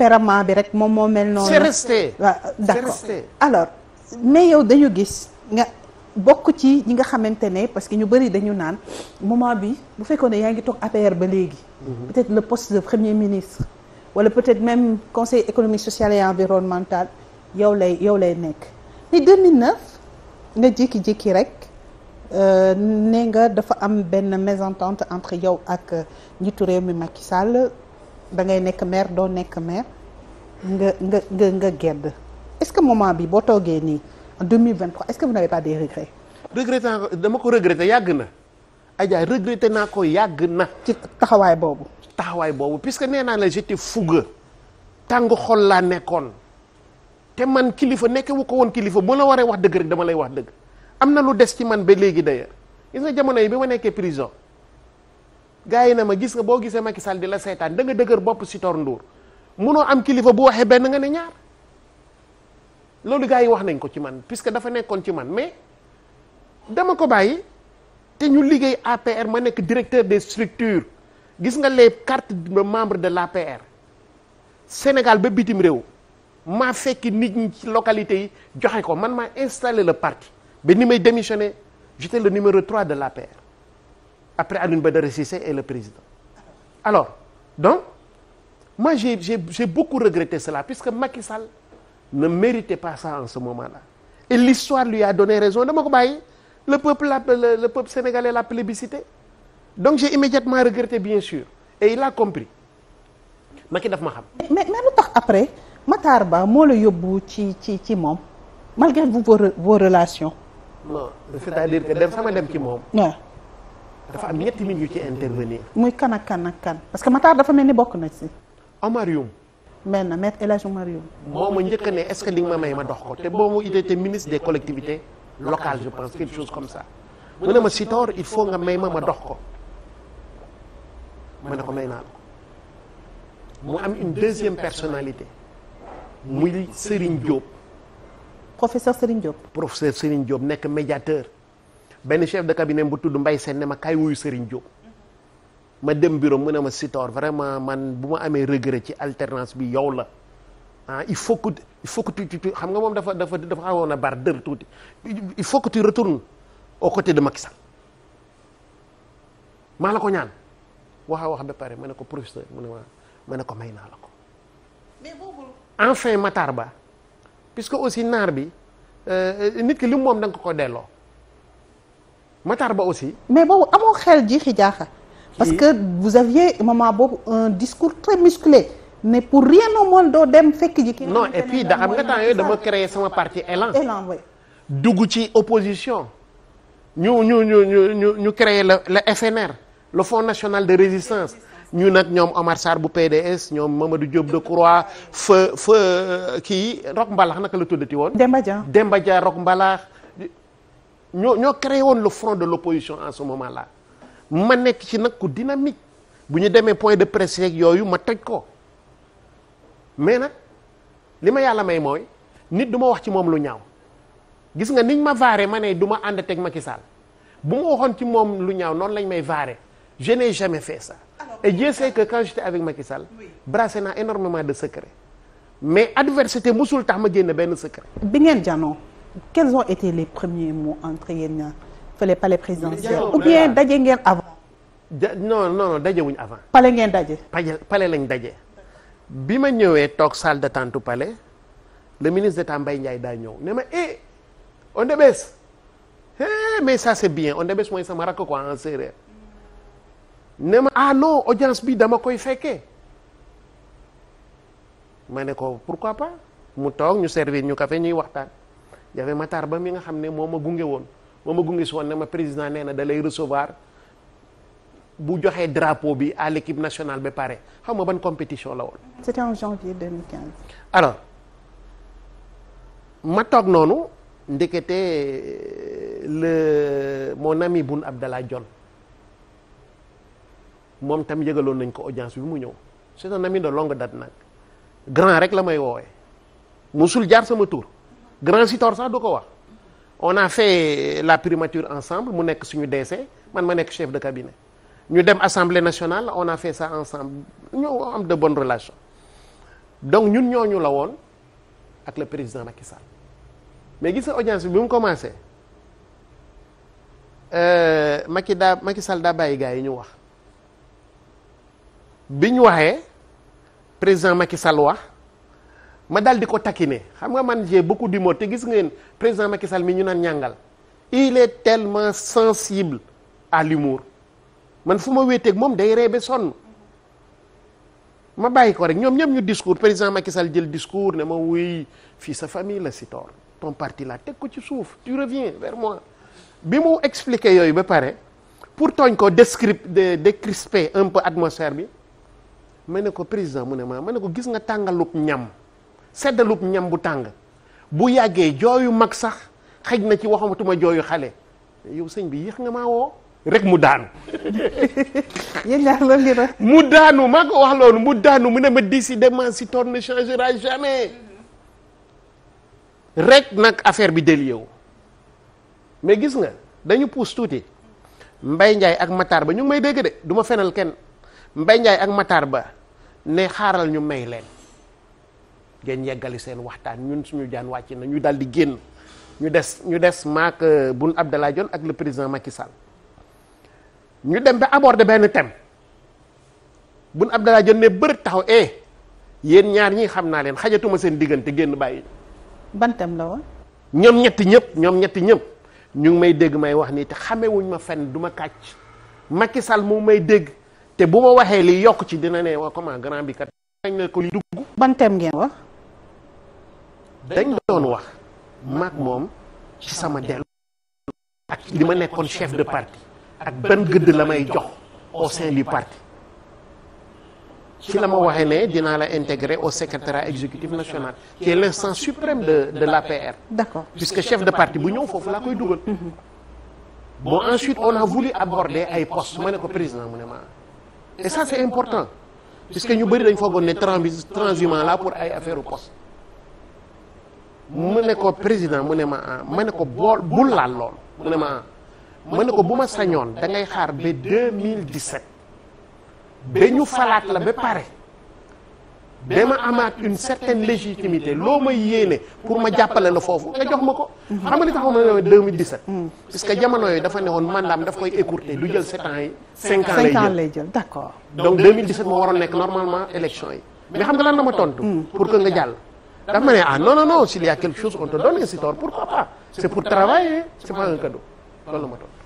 tempérament bi rek moom moo mel noonu. c'est resté alors mais yow dañu gis nga bokk ci ñi nga xamante ne parce que ñu bëri dañu naan moment bi bu fekkoon ne yaa ngi toog APR ba léegi. Mhm. peut-être le poste de premier ministre. wala peut-être même conseil économique social et environnemental yow lay yow lay nekk ni 2009 nga jékki-jékki rek euh, ne nga dafa am benn mésentente entre yow ak euh, njiitu réew mi Macky Sall. da ngay nekk maire doo nekk maire nga nga nga nga gedd est-ce que moment bi boo toogee nii en 2023 est-ce que vous n'avez pas des regrets. regretté naa ko dama ko regretté yàgg na Adja regretté naa ko yàgg na. ci taxawaay boobu. taxawaay boobu puisque nee naa la j'étais fougueux tàng xol laa nekkoon te man kilifa wu ko woon kilifa bu la waree wax dëgg rek dama lay wax dëgg am na lu des ci man ba léegi d'ailleurs gis nga jamono yi bi ma nekkee prison. gars yi na ma gis nga boo gisee Macky Sall di la seetaan da nga dëgër bopp si tor nduur munoo am kilifa bu waxee benn nga ne ñaar loolu gars yi wax nañ ko ci man puisque dafa nekkoon ci man mais dama ko bàyyi te ñu liggéey APR ma nekk directeur des structures gis nga les cartes de membre de l'APR Sénégal ba bitim réew maa fekki nit ñi ci localité yi joxe ko man maa installé la partie ba ni may démissionné j'étais le numéro 3 de l'APR après Alioune Badara Cissé est le président alors donc moi j'ai j'ai j'ai beaucoup regretté cela puisque Macky Sall ne méritait pas ça en ce moment-là et l'histoire lui a donné raison dama ko bàyyi le peuple la le, le peuple sénégalais l'a plébiscité donc j'ai immédiatement regretté bien sûr et il a compris Macky daf ma xam. mais mais lu tax après Matar Ba moo la yóbbu ci ci ci moom malgré vos vos relations. non c'est-à-dire que dem sama dem ci moom. dafa am ñetti nit yu ci intervenir. muy kan ak kan ak kan parce que Matar dafa mel ni bokk na ci. Omar Youm. mel na maître El Hadj Omar Youm. moo ma njëkk ne est-ce que li nga ma may ma dox ko te boobu il était ministre des collectivités locales je pense quelque chose comme ça mu ne ma Sitor il faut nga may ma ma dox ko ma ne ko may naa ko mu am une deuxième personnalité muy Serigne Diop. professeur Serigne Diop. professeur Serigne Diop nekk médiateur. benn chef de cabinet bu tudd mbay Sène ne ma kaay wuyu Serigne Diop ma dem bureau mu ne ma Sitor vraiment man bu ma amee regret ci alternance bi yow la ah il faut que il faut que tu xam nga moom dafa dafa dafa xawoon a bar dër tuuti il faut que tu retournes au côté de Macky Sall maa la ko ñaan wax wax ba pare ma ne ko professeur mu ne ma ma ne ko may naa la ko. mais boobu. enfin Matar Ba puisque aussi naar bi euh, nit ki li mu moom da nga ko ko delloo. Matar Ba aussi. mais boobu amoo xel jiixi jaaxa. parce que vous aviez moment boobu un discours très musclé mais pour rien au doo dem fekk ji. no non et puis da nga temps yooyu dama créer sama parti Elan. Elan dugg ci opposition. ñu ñu ñu ñu ñu ñu créer la le FNR le Fonds national de résistance ñu nag ñoom Omar bu PDS ñoom Mamadou Diop Decroix fa fa kii Rock Mbalax naka la tuddati woon. Demba Dia Demba Dia Rock ñoo ñoo créé woon le front de l'opposition en ce moment ma nekk ci nag ku dynamique bu ñu demee point de presse yeeg yooyu ma toj ko mais nag li ma yàlla may mooy nit du ma wax ci moom lu ñaaw gis nga niñ ma vaare ma ne du ma ànd teg Macky bu ma waxoon ci moom lu ñaaw noonu lañ may vare je n'ai jamais fait ça et Dieu sait que quand j'étais avec Macky Sall naa énormément de secrets mais adversité mosul tax ma génn benn secret bi ngeen janoo quels ont été les premiers mots entre yéen ñaar fële palais présidentiel ou bien daje ngeen avant. non non daje wuñ avant. pale ngeen daje. palais lañ daje. bi ma ñëwee toog salle d'attente pale le ministre d'État Mbaye Ndiaye daa ñëw ne ma eh Ondébès eh mais ça c'est bien Ondébès mooy sama rakk quoi en séeréer ne ma ah non audience bi dama koy fekkee ma ne ko pourquoi pas mu toog ñu servir ñu café ñuy waxtaan. y avait Ba mi nga xam ne moo ma gunge woon moo ma gunge si woon ne ma président nee na dalay lay recevoir bu joxee drapeau bi à l'équipe nationale ba pare xam nga ban compétition la woon. c'était en janvier alors ma toog noonu ndekete le mon ami Boun Abdallah Dionne moom tam yëgaloon nañ ko audience bi mu ñëw c'est un ami de longue date nag grand rek la may woowee musul jaar sama tour grand Sitor sax du ko wax on a fait la primature ensemble mu nekk suñu DC man ma nekk chef de cabinet ñu dem assemblée nationale on a fait ça ensemble ñoo am de bonnes relations donc ñun ñooñu la woon ak le président Macky mais gis nga audience bi mu commencé euh, Macky daa Macky Sall daa bàyyi gars yi ñu wax bi ñu waxee président Macky Sall wax. ma dal di ko taquiner xam nga man j'ai beaucoup d'humour te gis ngeen président Macky Sall mi ñu naan ñàngal il est tellement sensible à l'humour man fu ma wéeteeg moom day ree ba sonn ma bàyyi ko rek ñoom ñëpp ñu discours président Macky Sall jël discours ne ma wuy fii sa famille la si toor ton parti la teg ko ci suuf tu reviens vers bi mu expliqué yooyu ba pare pour tooñ ko de décrisper un peu atmosphère bi ma ne ko président mu ne ma ma ne ko gis nga tàngalub ñam seddalub ñam bu tàng bu yàggee jooyu mag sax xëj na ci waxamatuma jooyu xale yow sëñ bi yéex nga maa woo rek mu daanu. yéen ñaar loolu ngeen mu daanu maa ko wax loolu mu daanu mu ne ma décidément si toor ne changera jamais rek nag affaire bi délié wu mais gis nga dañu puus tuuti Mbaye Ndiaye ak Matar ba ñu ngi may dégg de du ma fenal kenn Mbaye Ndiaye ak Matar ba ne xaaral ñu may leen. ngeen yeggali seen waxtaan ñun suñu jaan wàcc na ñu daal di génn ñu des ñu des maak euh, Boun Abdallah Dionne ak le président Macky Sall ñu dem ba aborder benn thème Boun Abdallah Dionne ne bërët taxaw eh yéen ñaar ñi xam naa leen xajatuma seen diggante génn bàyyi. ban thème la woon. ñoom ñetti ñëpp ñoom ñetti ñëpp ñu ngi may dégg may wax nii te xamewuñ ma fenn du ma kàcc Macky Sall moom may dégg te bu ma waxee li yokk ci dina ne waa comment grand bi kat. dañ ne ko li dugg. ban thème ngeen wax. dañ doon wax mag moom ci sama dellu ak li ma nekkoon chef de parti ak ban gëdd la may jox au sein du parti ci la ma waxee ne dinaa la intégrer au secrétariat exécutif national qui est l'instance suprême de de l'APR d'accord puisque chef de parti bu ñëw foofu laa koy dugal mhm. bon ensuite on a voulu aborder ay postes ma ne ko président mu ne ma et ça c'est important puisque ñu bëri dañ foogoon ne transhumant là pour ay affaire u poste mu ne ko président mu ne ma ah ma ne ko bool bul laal lool mu ne ma ah ma ne ko bu ma sañoon da ngay xaar ba 2017 ba ñu falaat la ba pare ba ma amaat une certaine légitimité loo ma yéene pour ma jàppale la foofu nga jox ma ko. xam nga li tax ma ne 2017. parce que jamono yooyu dafa ne woon mandaam daf koy écourté du jël 7 ans yi. 5 ans lay jël 5 ans lay jël d'accord. donc 2017 moo waroon nekk normalement élection yi. mais xam nga lan na ma tontu. Hmm. pour que jàll. dafa ma ne ah non non non s'il y a on te donne un sitor pourquoi pas c'est pour travailler c'est pas un cadeau loolu la ma toog